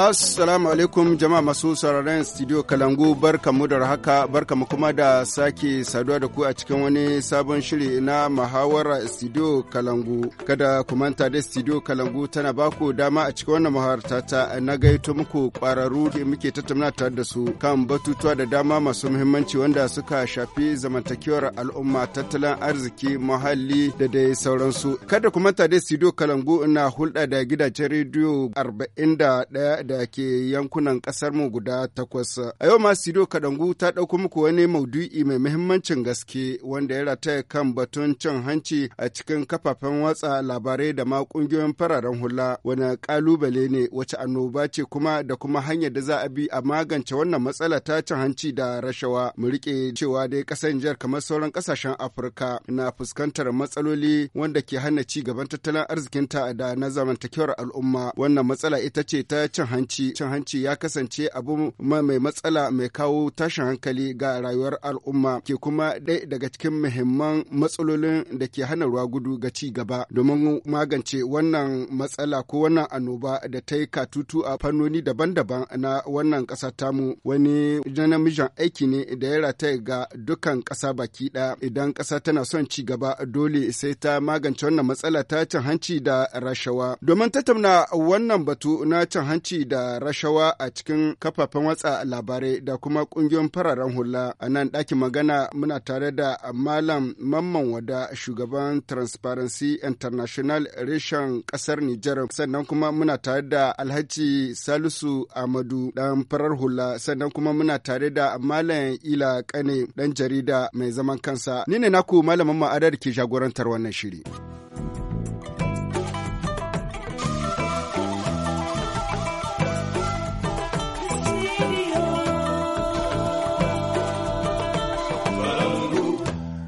Assalamu alaikum jama'a masu sauraron studio Kalangu barkamu da haka barkamu kuma da sake saduwa da ku a cikin wani sabon shiri na muhawara studio Kalangu. Kada ku manta da studio Kalangu tana baku dama a cikin wannan muhawarta ta na gaito muku kwararru da muke tattauna tare da su kan batutuwa da dama masu muhimmanci wanda suka shafi zamantakewar al'umma tattalin arziki muhalli da dai sauransu. Kada ku manta da studio Kalangu na hulɗa da gidajen rediyo 41 da ke yankunan ƙasar mu guda takwas. A yau ma Sido Kadangu ta ɗauko muku wani maudu'i mai muhimmancin gaske wanda ya rataya kan batun cin hanci a cikin kafafen watsa labarai da ma ƙungiyoyin fararen hula wani ƙalubale ne wace annoba ce kuma da kuma hanyar da za a bi a magance wannan matsala ta cin hanci da rashawa. Mu riƙe cewa dai ƙasar Nijar kamar sauran ƙasashen Afirka na fuskantar matsaloli wanda ke hana ci gaban tattalin arzikinta da na zamantakewar al'umma. Wannan matsala ita ce ta cin hanci hanci cin hanci ya kasance abu mai matsala mai kawo tashin hankali ga rayuwar al'umma ke kuma ɗaya daga cikin muhimman matsalolin da ke hana ruwa gudu ga ci gaba domin magance wannan matsala ko wannan annoba da ta yi katutu a fannoni daban-daban na wannan ƙasa tamu wani namijin aiki ne da ya rataya ga dukkan ƙasa baki ɗaya idan ƙasa tana son ci gaba dole sai ta magance wannan matsala ta cin hanci da rashawa domin tattauna wannan batu na cin hanci da rashawa a cikin kafafen watsa labarai da kuma ƙungiyoyin fararen hula. A nan ɗakin magana muna tare da Malam Mamman Wada shugaban Transparency International reshen ƙasar Nijar sannan kuma muna tare da Alhaji Salisu Amadu ɗan farar hula sannan kuma muna tare da Malam Ila Kane ɗan jarida mai zaman kansa. Ni ne naku Malamin Ma'adar ke jagorantar wannan shiri.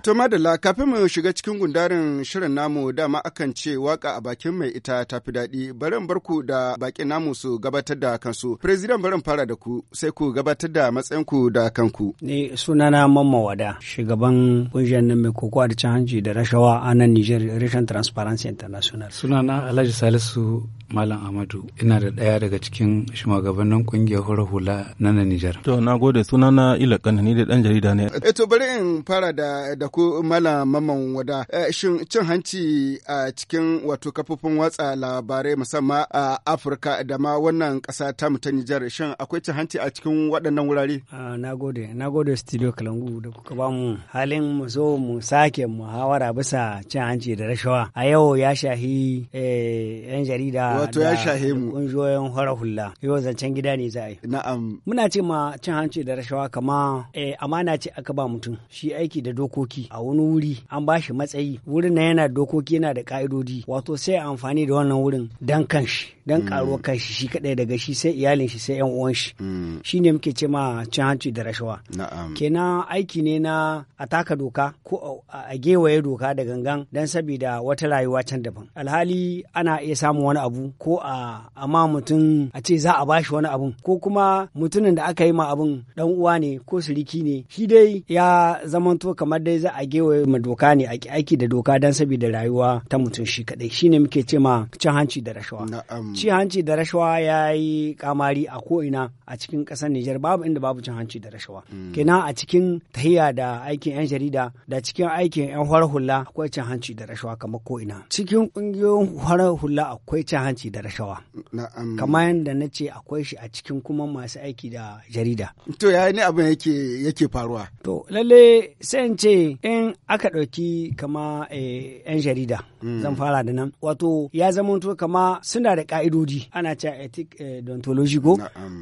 To madalla kafin mu shiga cikin gundarin shirin namu dama akan ce waka a bakin mai ita ta fi daɗi bari in barku da bakin namu su gabatar da kansu. President barin fara da ku sai ku gabatar da matsayinku da kanku. Ni sunana Mamma Wada shugaban kungiyar nan mai kokowa da cin hanci da rashawa a nan Niger Transparency International. Sunana Alhaji Salisu Malam Amadu ina da ɗaya daga cikin shugabannin kungiyar hura hula na Nijar. To na gode suna na ila ni da ɗan jarida ne. E to bari in fara da da ku Malam Maman Wada. Eh, shin cin hanci a cikin wato kafofin watsa labarai musamman a Afirka da ma wannan ƙasa ta mu ta Nijar shin akwai cin hanci a cikin waɗannan wurare? Ah, na gode na gode studio Kalangu da kuka ba mu halin mu zo mu sake muhawara bisa cin hanci da rashawa. A yau ya shahi eh, 'yan jarida wato ya shahe mu hara hulla yau zancen gida ne za a yi na'am muna ce ma cin hanci da rashawa kama eh, amana ce aka ba mutum shi aiki da dokoki a wani wuri an ba shi matsayi wurin na yana dokoki yana da ka'idodi wato sai amfani da wannan wurin dan kanshi dan karuwa mm. kanshi shi kadai daga shi sai iyalin shi sai yan uwan shi mm. shi ne muke ce ma cin hanci da rashawa kenan aiki ne na a taka doka ko a gewaye doka da gangan dan sabida wata rayuwa can daban alhali ana iya samun wani abu ko a amma mutum a ce za a bashi wani abun ko kuma mutumin da aka yi ma abun dan uwa ne ko siriki ne shi dai ya zamanto kamar dai za a gewaye ma doka ne a aiki da doka dan saboda rayuwa ta mutum shi kadai shine muke ce ma cin hanci da rashawa cin hanci da rashawa ya yi kamari a ko ina a cikin kasar Nijar babu inda babu cin hanci da rashawa hmm. kenan a cikin tahiya da aikin yan jarida da cikin aikin yan hular hula akwai cin hanci da rashawa kamar ko ina cikin kungiyoyin hular hula akwai cin hanci cin da rashawa. Kamar yadda na ce akwai shi a cikin kuma masu aiki da jarida. To ya ne abin yake faruwa? To lalle sai in ce in aka ɗauki kama eh, 'yan jarida mm. zan fara da nan. Wato ya zama to kama suna da ka'idodi ana cewa ethic eh, deontology ko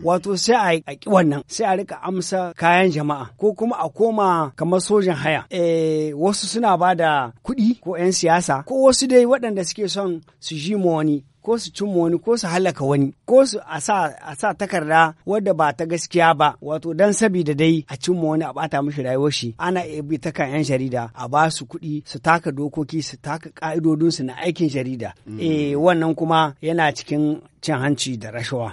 wato sai a ki wannan sai a rika amsa kayan jama'a ko kuma a koma kamar sojan haya. Eh, wasu suna ba da kuɗi ko 'yan siyasa ko wasu dai waɗanda suke son su ji ma wani ko su cimma wani ko su halaka wani ko su a sa takarda wadda ba ta gaskiya ba wato dan sabida dai a cimma wani a bata mishi rayuwar shi ana iya bi ta kan yan jarida a ba su kuɗi su taka dokoki su taka ka'idodin su na aikin jarida mm. eh wannan kuma yana cikin cin hanci da rashawa.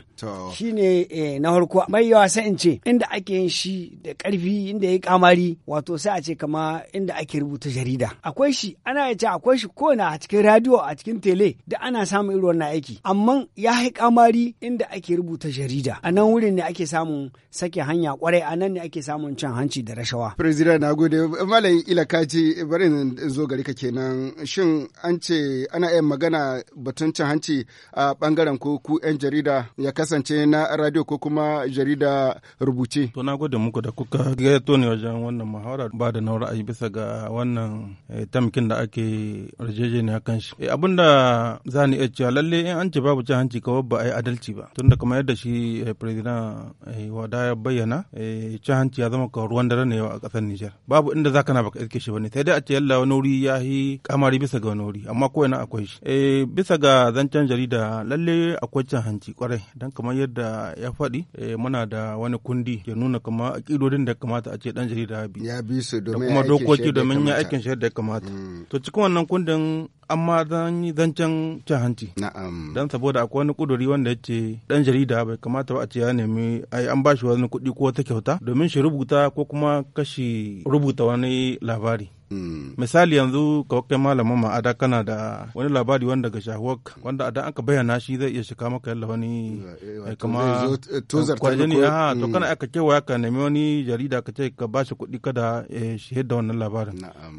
Shi ne eh, na harko mai yawa sai in ce inda ake yin shi da ƙarfi inda ya kamari wato sai a ce kama inda ake rubuta jarida. Akwai shi ana ya ce akwai shi ko na a cikin radio a cikin tele da ana samun irin wannan aiki. Amma ya yi kamari inda ake rubuta jarida. A nan wurin ne ake samun sake hanya kwarai a nan ne ake samun cin hanci da rashawa. President na gode Malam Ilakaci bari in zo gari ka kenan shin an ce ana yin magana batun cin hanci a bangaren ko ku 'yan jarida ya kasance na radio ko kuma jarida rubuce. To na gode muku da kuka gaito ne wajen wannan muhawara ba da nawar ra'ayi bisa ga wannan eh, tamkin da ake yarjejeniya kan shi. Eh, abin da za ni iya cewa lalle in an ce babu cin hanci kawai ba a yi adalci ba. Tun da kamar yadda shi eh, president wada ya bayyana cin hanci ya zama kawai ruwan dare ne a ƙasar Nijar. Babu inda za ka na baka iske shi ba ne sai dai a ce yalla wani wuri ya yi kamari bisa ga wani wuri amma ko ina akwai shi. Bisa ga zancen jarida lalle akwai cin hanci kwarai don kamar yadda ya faɗi eh, muna da wani kundi ke nuna kama ƙidodin da kamata a ce dan jarida bi ya bi su domin kuma dokoki domin ya aikin shi da kamata mm. to cikin wannan kundin ma zan yi zancen cin hanci don saboda akwai wani kuduri wanda ya ce dan jarida bai kamata ba a ce ya nemi ai an bashi wani kuɗi ko wata kyauta domin shi rubuta ko kuma kashi rubuta wani labari misali yanzu ka kai malamin ma'ada kana da wani labari wanda ga shahuwak wanda a an ka bayyana shi zai iya shiga maka yalla wani eh, eh, kama eh, kwarjini ha ah, to mm. kana aka kewaya ka nemi wani jarida ka ce ka bashi kuɗi kada shi da wannan labarin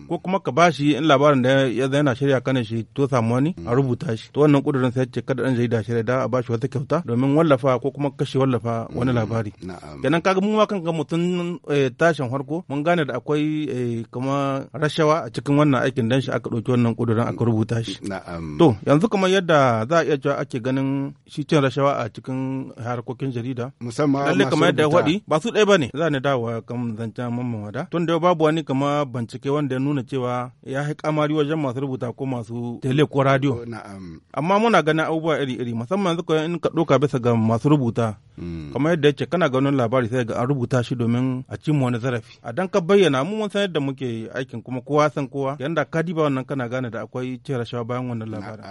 ko kuma ka bashi in labarin da ya yana shirya kana shi to samu wani a mm. rubuta shi to wannan kudurin sai ce kada dan jarida shirya da a shi wata kyauta domin wallafa ko kuma kashe wallafa wani mm, labari kenan kaga mu ma kanka mutum tashin harko mun gane da akwai kama rashawa a cikin wannan aikin dan shi aka ɗauki wannan ƙudurin aka rubuta shi. To yanzu kamar yadda za a iya cewa ake ganin shi cin rashawa a cikin harkokin jarida. Musamman Lalle kamar yadda waɗi ba su ɗaya ba ne za ni wa kan zancen mamman wada. Tun da babu wani kama bincike wanda ya nuna cewa ya yi kamari wajen masu rubuta ko masu tele ko radio. Oh, Amma muna ganin abubuwa iri-iri musamman yanzu in ka ɗauka bisa ga masu rubuta. Hmm. Kamar yadda ya kana ganin labari sai ga an rubuta shi domin a cimma wani zarafi. A dan ka bayyana mu mun san yadda muke aikin kuma kowa san kowa yanda ka diba wannan kana gane da akwai cin rashawa bayan wannan labarin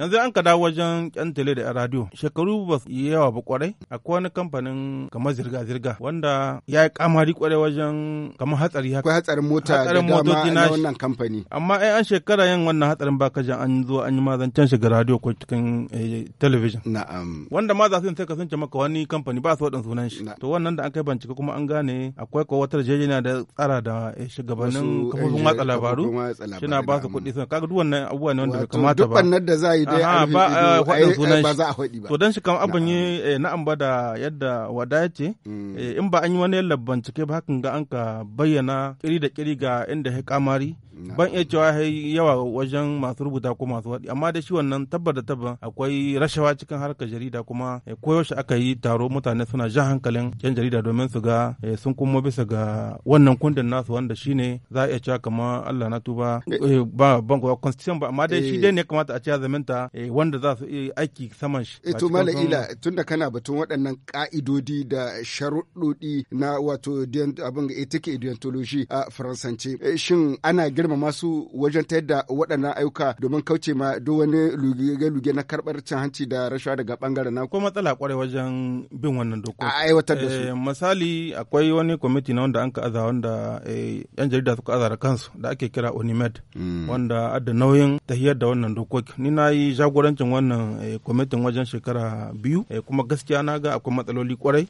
yanzu an ka dawo wajen yan tele da radio shekaru ba su yawa ba kwarai akwai wani kamfanin kamar zirga zirga wanda ya yi kamari kwarai wajen kamar hatsari haka akwai hatsarin mota da dama na wannan kamfani amma ai an shekara yin wannan hatsarin ba kajan an zo an yi mazancan shiga radio ko cikin eh, television na'am wanda ma za su sai kasance maka wani kamfani ba su wadan sunan shi to wannan da an kai bincike kuma an gane akwai ko wata jejina da tsara da eh, shugabannin kafofin kafofin watsa labaru suna ba su kuɗi sun kaga duk wannan abubuwa ne wanda bai kamata ba duk da za a yi dai a yi faɗin eh, eh, eh, ba za a faɗi ba to dan shi kam abin yi na'am ba da yadda wada ya ce mm. in ba an yi wani labban cike ba hakan ga an ka bayyana kiri da kiri ga inda ya kamari ban iya cewa yawa wajen masu rubuta ko masu waɗi amma da shi wannan tabbata da akwai rashawa cikin harkar jarida kuma eh, koyaushe aka yi taro mutane suna jan hankalin yan jarida domin su ga eh, sun kuma bisa ga wannan kundin nasu wanda shi ne. za a iya cewa kamar Allah na tuba eh, ba ban ko constitution ba amma dai shi dai ne kamata a ce zaminta wanda za su iya aiki saman shi to mala'ila tunda kana batun waɗannan ka'idodi da sharuɗɗi na wato abin ga etike ideontology a faransance shin ana girmama su wajen ta yadda waɗannan ayyuka domin kauce ma duk wani luge-luge na karɓar cin hanci da rashawa daga ɓangaren na. Ko matsala kwarai wajen bin wannan dokoki. A aiwatar da su. Eh, misali akwai wani kwamiti na wanda an ka aza wanda eh, yan jarida suka aza da kansu da ake kira Onimed. Mm. Wanda adda nauyin tahiyar da wannan dokoki. Ni na yi jagorancin wannan eh, kwamitin wajen shekara biyu kuma gaskiya na ga akwai matsaloli kwarai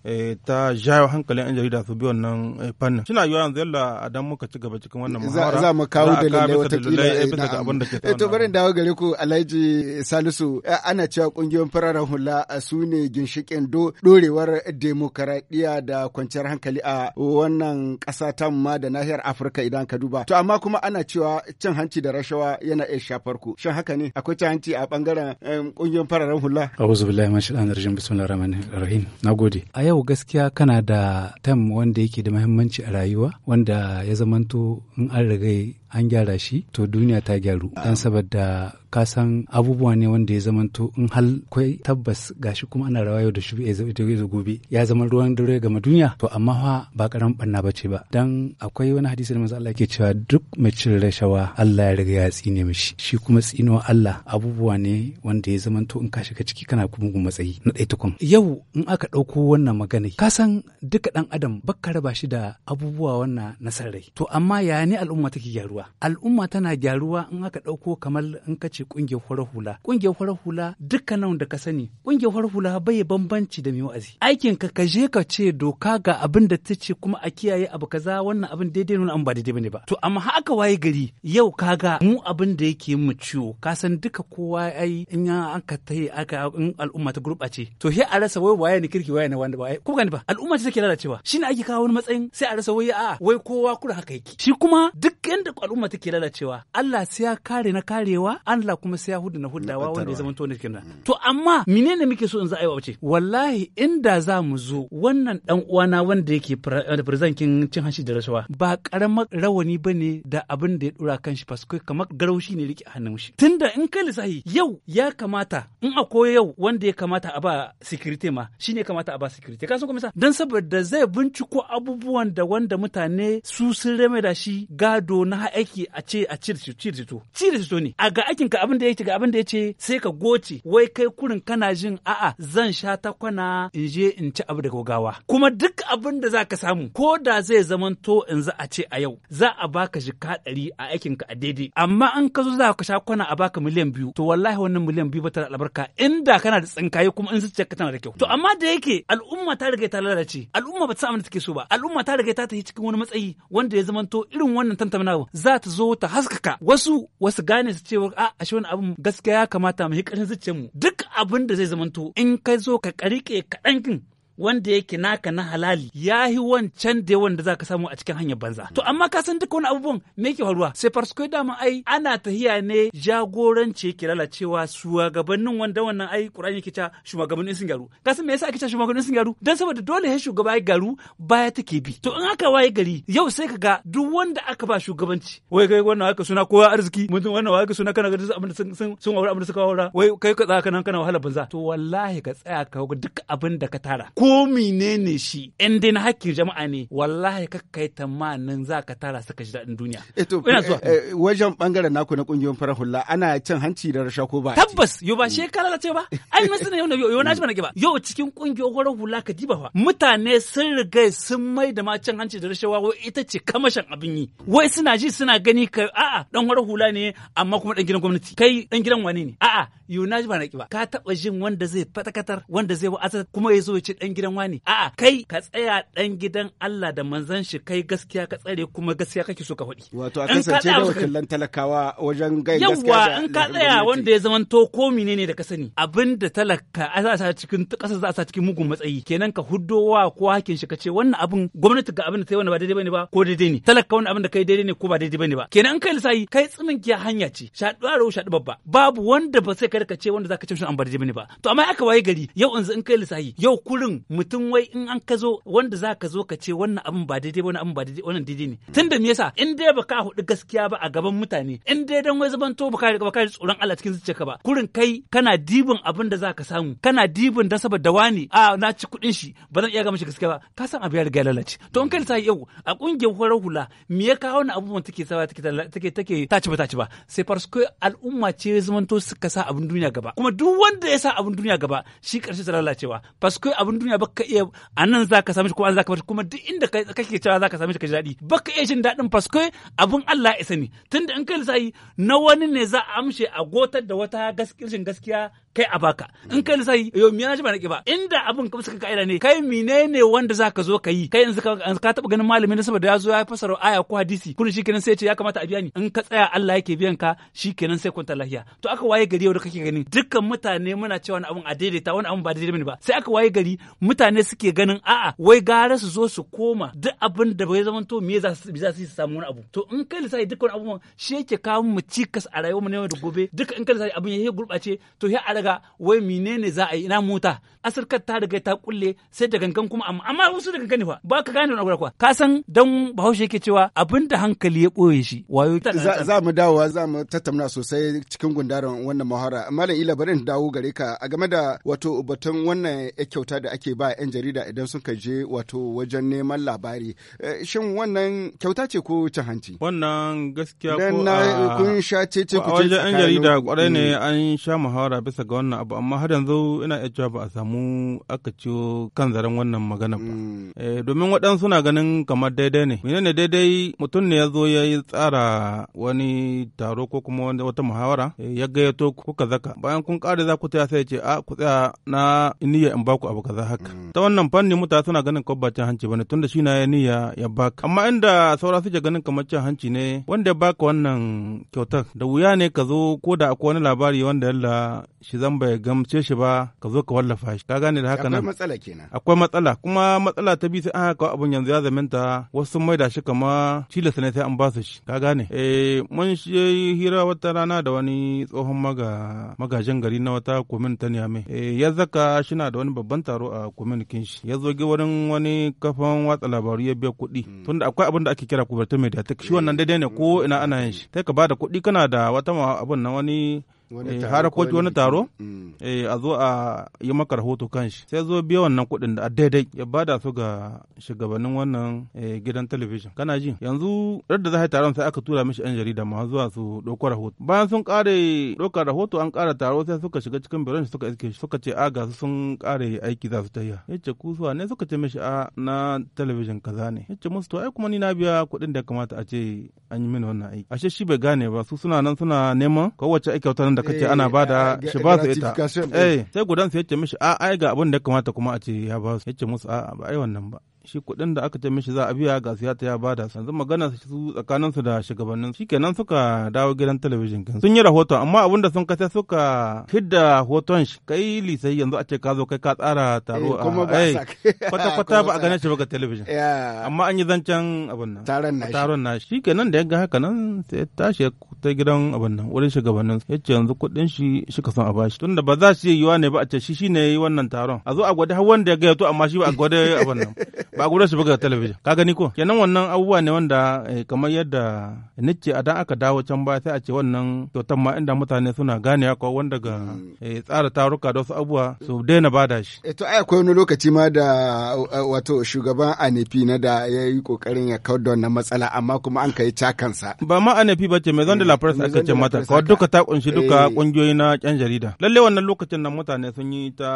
ta jawo hankalin yan jarida su bi wannan fannin. Suna yiwuwa yanzu yalla a dan muka ci gaba cikin wannan muhawara. dawo eh, eh, da lalle wata kila to barin dawo gare ku Alhaji Salisu eh, ana cewa kungiyoyin fararen hula su ne ginshikin dorewar demokaradiyya da kwanciyar hankali a wannan ƙasa ta ma da nahiyar Afirka idan ka duba to amma kuma ana cewa cin hanci da rashawa yana iya shafar ku shin haka ne akwai cin hanci a bangaren kungiyoyin fararen hula a'udhu billahi minash shaitanir rajim bismillahir rahmanir rahim nagode a yau gaskiya kana da tam wanda yake da muhimmanci a rayuwa wanda ya zamanto in an riga an gyara shi to duniya ta gyaru dan saboda ka san abubuwa ne wanda ya zamanto in hal kai. tabbas gashi kuma ana rawa yau da shi ya gobe ya zama ruwan dare ga duniya to amma fa ba karam banna bace ba dan akwai wani hadisi da manzo Allah yake cewa duk mai cin rashawa Allah ya riga ya tsine mishi shi kuma tsino Allah abubuwa ne wanda ya zamanto in ka shiga ciki kana kuma matsayi na dai tukun yau in aka ɗauko wannan magana ka san duka ɗan adam bakka raba shi da abubuwa wannan nasarai to amma ya ne al'umma take gyaruwa al'umma tana gyaruwa in aka ɗauko kamar in ka ce ƙungiyar farar hula ƙungiyar farar hula nan da ka sani ƙungiyar farar hula bai bambanci da mai wa'azi aikin ka ka je ka ce doka ga abin da ta ce kuma a kiyaye abu kaza wannan abin daidai nuna an ba daidai bane ba to amma haka waye gari yau kaga mu abin da yake mu ciwo ka san duka kowa ai in an ka yi aka in al'umma ta gurɓace to sai a rasa wai waye ne kirki waye ne wanda ba ko gani ba al'umma ce take lalacewa ne ake kawo wani matsayin sai a rasa wai a'a wai kowa kura haka yake shi kuma duk yanda al'umma take lalacewa Allah sai ya kare na karewa Allah kuma sai ya hudu na hudawa wanda ya zama to ne kenan mm. to amma menene muke so in za a yi wace wallahi inda za mu zo wannan dan uwana wanda yake firzankin eh, cin hanci da rashawa ba karamar rawani bane da abin da ya dura kan shi fasko kamar garaushi ne rike hannun shi tunda in kai lissahi yau ya kamata in akwai yau wanda ya kamata a ba security ma shine kamata a ba security kasan kuma dan saboda zai binciko abubuwan da wanda mutane su sun rame da shi gado na aiki a ce a cire cire cire to ne a ga aikin ka abin da yake ga abin da yace sai ka goce wai kai kurin kana jin a'a zan sha ta kwana in je in ci abu daga gawa kuma duk abin da zaka samu ko da zai zamanto in za a ce a yau za a baka ka ɗari a aikin ka a daidai amma an ka zo za ka sha kwana a baka miliyan biyu to wallahi wannan miliyan biyu ba ta albarka inda kana da tsinkaye kuma in zuciya ka tana da kyau to amma da yake al'umma ta riga ta lalace al'umma ba ta samu da take so ba al'umma ta riga ta yi cikin wani matsayi wanda ya zamanto irin wannan tantamina za ta zo ta haskaka wasu wasu gane su cewa a ah, shi wani abin gaskiya ya kamata mu yi ƙarfin zuciyarmu duk abin da zai zamanto in ka zo ka karike kaɗan wanda yake naka na halali ya yi wancan da wanda za ka samu a cikin hanyar banza. To amma ka san duka wani abubuwan me yake faruwa sai farsko dama ai ana tahiya ne jagoranci yake lalacewa shugabannin wanda wannan ai Qur'ani yake cewa shugabannin sun gyaru. Ka san me yasa ake cewa shugabannin sun gyaru? Dan saboda dole ya shugaba ya gyaru baya take bi. To in aka waye gari yau sai ka ga duk wanda aka ba shugabanci wai kai wannan aka suna kowa arziki mutum wannan aka suna kana ga abin da sun sun abin da suka wai kai ka tsaya kana wahala banza. To wallahi ka tsaya ka duk abin da ka tara. ko menene shi in dai na hakkin jama'a ne wallahi kakka ma tamanin za ka tara saka ji daɗin duniya. Eto eh, eh, eh, wajen bangaren naku na kungiyoyin farar hula ana cin hanci da rasha ko ba. Tabbas yo ba mm. shekara ce ba ai masu ne yau na yau na ji ba yau cikin kungiyoyin farar hula ka diba fa mutane sun riga sun mai da ma cin hanci da rashawa wai ita ce kamashin abin yi wai suna ji suna gani ka a'a dan farar hula ne amma kuma dan gidan gwamnati kai dan gidan wane ne a'a yau na ji ba na ba ka taba jin wanda zai fatakatar wanda zai wa'azar kuma ya zo ya ce dan gidan wani a kai ka tsaya dan gidan Allah da manzon shi kai gaskiya ka tsare kuma gaskiya kake so ka faɗi wato a kasance da wakilan talakawa wajen gai gaskiya yawa in ka tsaya wanda ya zaman to ko menene da ka sani abinda talaka a sa cikin kasa za a sa cikin mugun matsayi kenan ka huddowa ko hakin shi ka ce wannan abin gwamnati ga abin da ta wannan ba daidai bane ba ko daidai ne talaka wannan abin da kai daidai ne ko ba daidai bane ba kenan in kai lissayi kai tsimin kiya hanya ce sha rawu sha babba babu wanda ba sai ka ce wanda zaka ce shi an bar daidai bane ba to amma aka waye gari yau yanzu in kai lissayi yau kurin mutum wai in an ka zo wanda za ka zo ka ce wannan abin ba daidai wani abin ba daidai wannan daidai ne tun da me yasa in dai ka hudu gaskiya ba a gaban mutane in dai dan wai zaman to baka baka tsoron Allah cikin zuciyarka ba kurin kai kana dibin abin da zaka samu kana dibin da saboda wani a na ci kudin shi ba zan iya ga mishi gaskiya ba ka san abu ya riga lalace to in kai sai yau a kungiyar horar hula me ya kawo na abubuwan take sawa take take take ci ba ta ci ba sai parce que al'umma ce zaman to suka sa abin duniya gaba kuma duk wanda ya sa abin duniya gaba shi karshe ta lalacewa parce abin duniya duniya ka iya a nan za ka same shi ko an za ka kuma duk inda kake cewa za ka sami shi ka ji daɗi baka iya jin daɗin fasko abin Allah ya sani tunda in kai lissafi na wani ne za a amshe a gotar da wata gaskiyar gaskiya kai a baka in kai lissafi yau miya na ji ba na ba inda abin ka suka ka'ida ne kai menene wanda zaka zo ka yi kai yanzu ka taba ganin malami na saboda ya zo ya fasara aya ko hadisi kun shikenan sai ya ce ya kamata a biya ni in ka tsaya Allah yake biyan ka shikenan sai kwanta lafiya to aka waye gari yau da kake gani dukkan mutane muna cewa wani abun a daidaita wani abun ba daidai bane ba sai aka waye gari mutane suke ganin a'a wai gara su zo su koma duk abin da bai zama to me za su za su samu wani abu to in kai lissafi dukkan abubuwan shi yake kawo mu cikas a rayuwar mu ne da gobe duk in kai lissafi abin ya gurbace to ya daga wai menene za a yi ina mota asirkar ta riga ta kulle sai da gangan kuma amma amma wasu da gangan ne fa ba ka gane wannan kwa ka san dan bahaushe yake cewa abin da hankali ya boye shi wayo za mu dawo za mu tattauna sosai cikin gundarin wannan muhara malam ila barin dawo gare ka a game da wato batun wannan kyauta da ake ba yan jarida idan sun je wato wajen neman labari eh, shin wannan kyauta ce ko cin hanci wannan gaskiya ko a kun sha ce ce ku ce wajen yan jarida kwarai ne mm. an sha muhawara bisa ga ga wannan abu amma har yanzu ina iya cewa ba a samu aka ciwo kan zaren wannan magana ba mm. eh, domin waɗansu na ganin kamar daidai ne menene daidai mutum ne ya zo ya yi tsara wani taro ko kuma wata muhawara eh, ya gayyato kuka zaka bayan kun ƙara za ku tsaya sai ce a ku tsaya na niyya in baku abu kaza haka mm. ta wannan fanni mutane suna ganin ko ba cin hanci bane tunda shi na ya niyya ya baka amma inda saura suke ganin kamar cin hanci ne wanda ya baka wannan kyautar da wuya ne ka zo ko da akwai wani labari wanda yalla shi idan bai gamce shi ba ka zo ka wallafa shi ka gane da haka nan akwai matsala kenan akwai matsala kuma matsala ta bi sai an haka abun yanzu ya zaminta. wasu mai da shi kama tilasta ne sai an ba su shi ka gane eh mun shi hira wata rana da wani tsohon maga magajin gari na wata komin ta niyame eh ya zaka shi na da wani babban taro a komin shi ya zo wurin wani kafan watsa labaru ya biya kuɗi hmm. tunda akwai abin da ake kira kubertin mediatek shi wannan daidai ne ko ina ana yin shi sai ka ba da kuɗi kana da wata abun na wani Eh, har ko wani taro mm. eh, a zo a yi maka rahoto kan shi sai zo biya wannan kudin da daidai ya bada su ga shugabannin wannan eh, gidan talabijin kana ji yanzu da za a yi taron sai aka tura mishi yan jarida ma zuwa su ɗauko rahoto bayan sun kare ɗaukar rahoto an kare taro sai suka shiga cikin shi suka iske suka ce a ga su sun kare aiki za su ta yi yace ku suwa ne suka ce mishi a na talabijin kaza ne yace musu to ai kuma ni na biya kudin da ya kamata a ce an yi mini wannan aiki ashe shi bai gane ba su suna nan suna neman kowace aiki wata wanda ce eh, ana bada shi ba su ita eh, sai gudan su yace mishi a ai ga abin da ya kamata kuma a ce ya ba su yace musu a ba ai wannan ba shi kuɗin da aka ce mishi za a biya ga siya ta ya bada sanzu magana su tsakanin su da shugabannin shikenan suka dawo gidan talabijin kan sun yi rahoton amma abin da sun kace suka hidda hoton shi kai lisai yanzu a ce ka zo kai ka tsara taro eh, a eh, kwata kwata ba a gane shi ba ga talabijin amma an yi zancen abin nan taron na taron na shi shikenan da ya ga haka nan sai tashi ta gidan abin nan wurin shugabannin ya ce yanzu kuɗin shi shi ka son a bashi tunda ba za shi yiwa ne ba a ce shi shine yi wannan taron a zo a gwada har wanda ya gaya to amma shi ba a gwada abin nan ba guda su buga talabijin ka gani ko kenan wannan abubuwa ne wanda eh, kamar yadda nake a dan aka dawo can ba sai a ce wannan kyautan ma inda mutane suna gane ko wanda ga mm. eh, tsara taruka da wasu abubuwa su daina bada shi eh, to ai akwai wani lokaci ma da wato shugaban anefi na da ya yi kokarin ya kawo da wannan matsala amma kuma an kai cakansa ba ma anefi ba ce mai zan la labarai aka ce mata ko duka ta kunshi duka kungiyoyi na kyan jarida lalle wannan lokacin nan mutane sun yi ta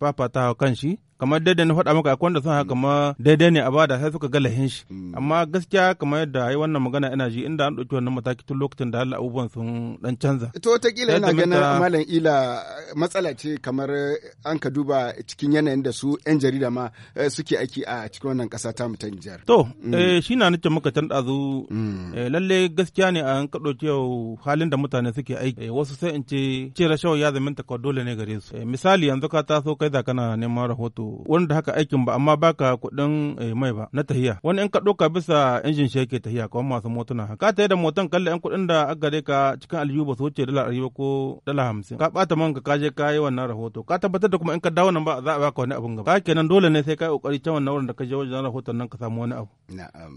fafata kan shi kamar daidai na faɗa maka akwai da sun haka daidai ne a bada sai suka ga lahin shi mm. amma gaskiya kamar yadda yi wannan magana ina ji inda an ɗauki wannan mataki tun lokacin da Allah abubuwan sun dan canza to wataƙila ina ganin malam ila eh, matsala ce kamar eh, an ka duba cikin yanayin da su yan jarida ma eh, suke aiki a cikin wannan ƙasa ta mu ta Nijar to mm. shi na nace maka can ɗazu mm. lalle gaskiya ne an ka ɗauki yau halin da mutane suke aiki wasu sai in ce ce rashawa ya zaminta dole ne gare su misali yanzu ka taso kai za kana neman rahoto da haka aikin ba amma baka kuɗin eh, mai ba na tahiya wani in ka ɗauka bisa injin shi yake tahiya kamar masu motuna ka tayi da motan kalla yan kuɗin da aka gare ka cikin aljihu ba su wuce dala ɗari ko dala hamsin ka ɓata man ka je ka yi wannan rahoto ka tabbatar da kuma in ka dawo nan ba za a baka wani abun gaba ka kenan dole ne sai ka yi ƙoƙari can wannan wurin da ka je wajen rahoton nan ka samu wani abu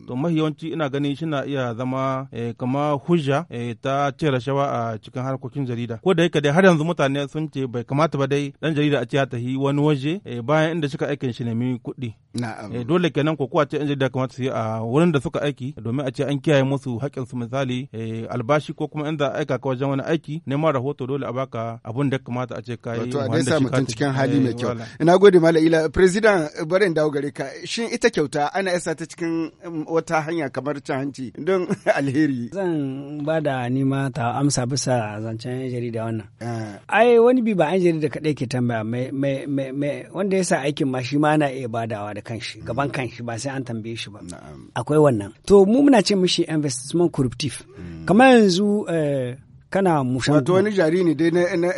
to mahi yawanci ina gani shi na iya zama eh, kama hujja eh, ta ce rashawa a cikin harkokin jarida ko da yake dai har yanzu mutane sun ce bai kamata ba dai dan jarida a ce ya tahi wani waje bayan da suka aikin shi nemi kuɗi Eh, dole kenan ko ce an jarida kamata su yi a wurin da suka aiki domin a ce an kiyaye musu haƙƙin su misali eh, albashi ko kuma inda a aika ka wajen wani aiki neman rahoto dole a baka abun da kamata a ce ka yi wanda shi mutum cikin hali mai eh, kyau ina gode Mala ila president barin dawo gare ka shin ita kyauta ana isa ta cikin um, wata hanya kamar cin hanci don alheri zan ba da nima ta amsa bisa zancen yan jarida wannan ah. ai wani bi ba an jarida kaɗai ke tambaya mai wanda ya sa aikin ma shi ma na iya badawa da kanshi gaban mm. kanshi ba sai an tambaye shi ba akwai wannan to mu muna ce mishi investment corruptive mm. kamar yanzu eh, kana mushan wato wani jari ne dai na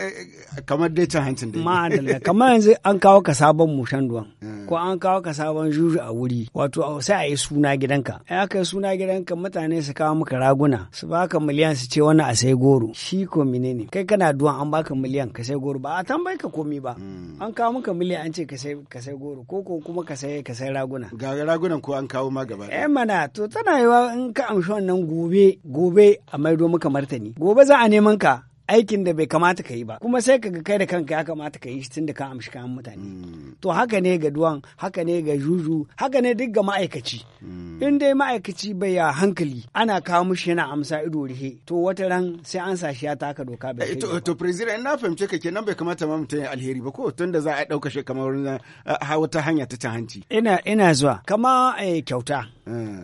kamar dai can hancin dai ma'adala kamar yanzu an kawo ka sabon mushan duwan eh. ko an kawo ka sabon juju a wuri wato sai a yi suna gidanka in aka yi suna gidanka mutane su kawo maka raguna su baka miliyan su ce wani a sai goro shi ko menene kai kana duwan an baka miliyan ka sai goro ba a tambayi ka komi ba hmm. an kawo maka miliyan an ce ka sai ka sai goro ko ko kuma ka sai ka sai raguna ga ragunan ko an kawo ma gaba eh mana to tana yiwa in ka amshi wannan gobe gobe a maido maka martani gobe za a a neman ka aikin da bai kamata ka yi ba kuma sai ka ga kai da kanka ya kamata ka yi shi da ka amshi kayan mutane mm. to haka ne ga duwan haka ne ga juju haka ne duk ga ma'aikaci mm. in dai ma'aikaci bai ya hankali ana kawo mushi yana amsa ido rihe to wata ran sai an sa shi ya taka doka bai eh, to to president na fahimce ka kenan bai kamata ma mutum ya alheri ba ko tun da za a dauka shi kamar eh, wata hanya ta hanci ina ina zuwa kama eh, kyauta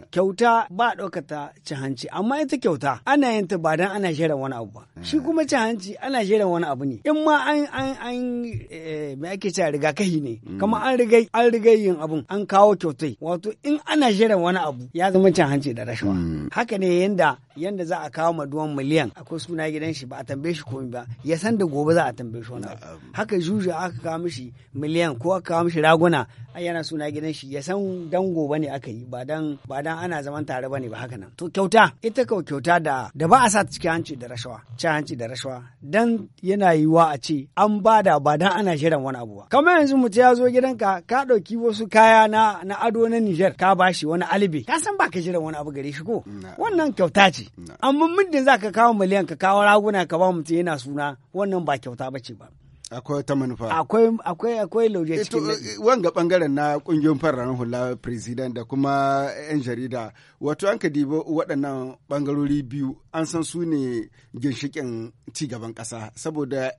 kyauta ba ɗaukata ci hanci amma ita kyauta ana yin ta ba dan ana shirin wani abu ba shi kuma cin hanci ana shirin wani abu ne in ma an an an eh, me ake cewa rigakafi ne mm. kuma an riga an riga yin abun an kawo kyautai wato in ana shirin wani abu ya zama cin hanci da rashawa mm. haka ne yanda yanda za a kawo maduwan miliyan akwai suna gidan shi ba a tambaye shi komai ba ya san da gobe za a tambaye shi wani haka juju aka kawo mishi miliyan ko aka kawo mishi raguna yana suna gidan shi ya san dan gobe ne aka yi ba dan ana zaman tare bane ba haka nan to kyauta ita kawai kyauta da da ba a sa ta cikin hanci da rashawa ci hanci da rashawa dan yana yiwa a ce an bada ba dan ana shirin wani abu ba kamar yanzu mutum ya zo gidanka ka ɗauki wasu kaya na na ado na Niger ka bashi wani alibi ka san ba ka shirin wani abu gare shi ko wannan kyauta ce ce amma muddin za ka kawo miliyan ka kawo raguna ka ba mutum yana suna wannan ba kyauta ba ce ba akwai wata manufa akwai akwai akwai lauje eh, cikin eh, wanga bangaren na kungiyoyin fararen hula president da kuma yan jarida wato an ka dibo waɗannan bangarori biyu an san su ne ginshikin gaban kasa saboda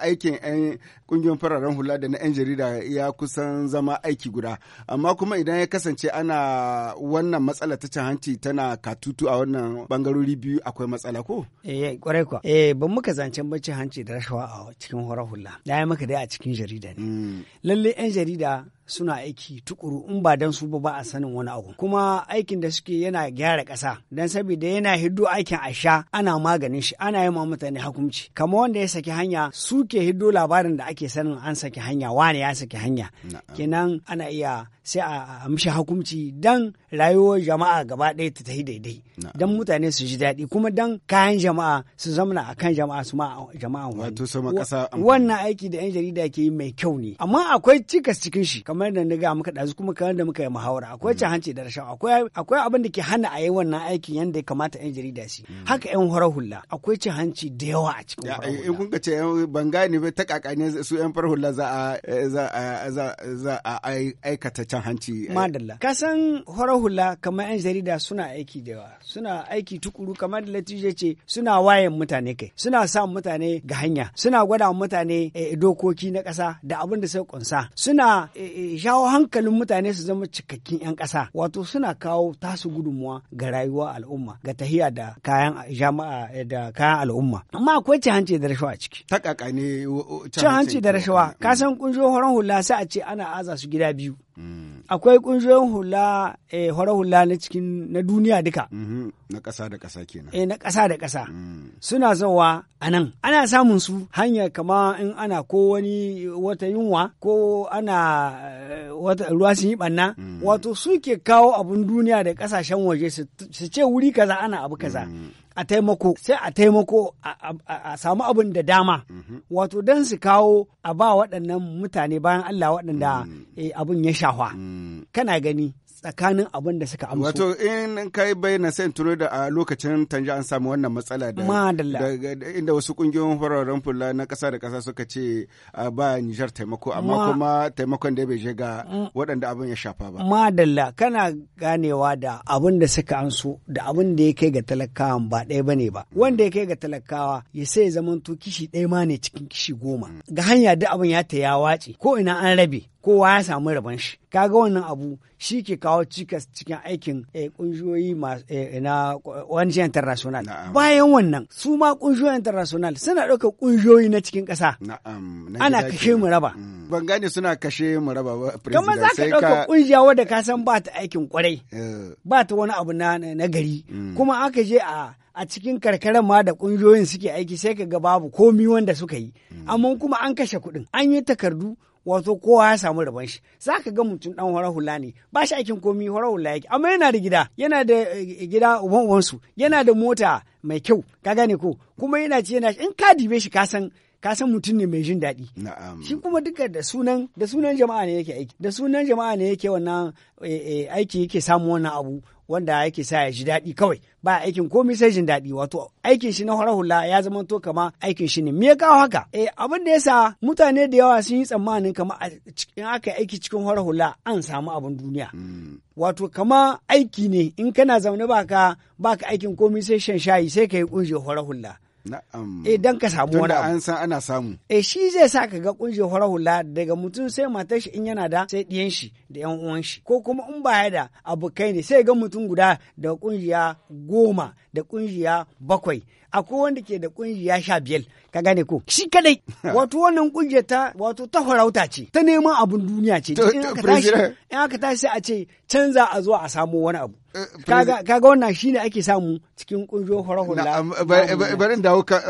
aikin 'yan ƙungiyar fararen hula da na 'yan jarida ya kusan zama aiki guda amma kuma idan ya kasance ana wannan matsala ta cin hanci tana katutu a wannan bangarori biyu akwai matsala ko? eh kwarai ko eh ban muka zancen bacci hanci da rashawa a cikin horar hula da ya maka dai a cikin jarida ne mm. lalle 'yan jarida suna aiki tukuru in ba dan su ba ba a sanin wani abu kuma aikin da suke yana gyara ƙasa dan saboda yana hiddo aikin a sha ana maganin shi ana yi ma mutane hukunci kamar wanda ya saki hanya suke hiddo labarin da ake sanin an saki hanya wane ya saki hanya kenan ana iya sai a amshi hukunci dan rayuwar jama'a gaba ɗaya ta yi daidai dan mutane su ji daɗi kuma dan kayan jama'a su zamana a kan jama'a su ma jama'a wato sama ƙasa wannan aiki da 'yan jarida ke yi mai kyau ne amma akwai cikas cikin shi kamar da na ga muka ɗazu kuma kamar da muka yi muhawara akwai cin mm. hanci da rashawa akwai akwai abin da ke hana a yi wannan aikin yadda ya kamata 'yan jarida su mm. haka 'yan horar hula akwai cin hanci da yawa a cikin horar hula in kun ka ce ban gane ba ta kakane su 'yan farar hula za a aikata cin hanci. Eh, Madalla. Ka san horar hula kamar 'yan jarida suna aiki da yawa, suna aiki tukuru kamar da Latije ce suna wayan mutane kai, suna sa mutane ga hanya, suna gwada mutane eh, dokoki na ƙasa da abin da sai kunsa, suna shawo eh, hankalin mutane su zama cikakkin 'yan ƙasa, wato suna kawo tasu gudunmuwa ga rayuwa al'umma, ga tahiya da kayan jama'a da kayan al'umma. Amma akwai cin hanci da rashawa a ciki. Ta ne cin hanci da rashawa, ka san hula sai a ce ana aza su gida biyu. akwai kungiyoyin hula eh, hore hula na cikin na duniya duka mhm, na ƙasa da ƙasa kenan eh na ƙasa da ƙasa mm. suna zawa a nan ana samun su hanyar kama in ana ko wani wata yunwa ko ana eh, wata ruwa sun yi banna mm. wato suke kawo abun duniya da ƙasashen waje su ce wuri kaza ana abu kaza mm. a taimako sai a taimako a samu abin da dama mhm. wato don su kawo a ba waɗannan mutane bayan Allah waɗanda mm. eh, abin ya shahwa mm. kana gani tsakanin abin da suka amsu. Wato in kai bayyana sai tuno da a lokacin tanji an samu wannan matsala da inda wasu kungiyoyin fararen fulla na ƙasa da ƙasa suka ce ba Nijar taimako amma kuma taimakon da bai je ga mm. waɗanda abin ya shafa ba. Madalla kana ganewa da abin da suka amsu da abin da ya kai ga talakawan ba ba ɗaya bane ba wanda ya kai ga talakawa ya sai ya to kishi ɗaya ma ne cikin kishi goma ga hanya duk abin ya ta ya wace ko ina an rabe kowa ya samu rabon shi kaga wannan abu shi ke kawo cikas cikin aikin kungiyoyi eh, eh, eh, na ONG international bayan wannan su ma kungiyoyi international suna ɗauka kungiyoyi na cikin ƙasa ana kashe mu raba mm. ban gane suna kashe mu raba ba kamar za ka ɗauka kungiya wadda ka san ba ta aikin kwarai ba ta wani abu na gari mm. kuma aka je a a cikin karkarar ma da kungiyoyin suke aiki sai ka ga babu komi wanda suka yi mm. amma kuma an kashe kuɗin an yi takardu wato kowa ya samu rabon shi za ka ga mutum dan horar hula ne ba shi aikin komi horar hula yake amma yana da gida yana da eh, gida uban uwansu yana da mota mai kyau ka gane ko kuma yana ci yana in ka dibe shi ka san ka san mutum ne mai jin daɗi. Shi kuma duka da sunan da sunan jama'a ne yake aiki da sunan jama'a ne yake wannan eh, eh, aiki yake samu wannan abu wanda yake sa ya ji daɗi kawai ba aikin komai sai jin daɗi wato aikin shi na horar hula ya zama to kama aikin shi ne me ya kawo haka eh abin da yasa mutane da yawa sun yi tsammanin kama a in aka aiki cikin horar hula an samu abin duniya hmm. wato kama aiki ne in kana zaune baka baka aikin komai sai shan shayi sai ka yi kunje horar hula idan ka samu wani abu. an ana samu. Eh shi zai sa ka ga kunje fara hula daga mutum sai matar shi in yana da sai diyan shi da yan uwan shi ko kuma in baya da abokai ne sai ga mutum guda da kungiya goma da ƙungiya bakwai akwai wanda ke da kungiya sha biyar ka gane ko shi kadai wato wannan kungiya ta wato ta farauta ce ta neman abin duniya ce in aka tashi in a ce canza a zuwa a samu wani abu eh, eh, kaga kaga wannan shine ake samu cikin kungiyoyin farahun hula Bari dawo ka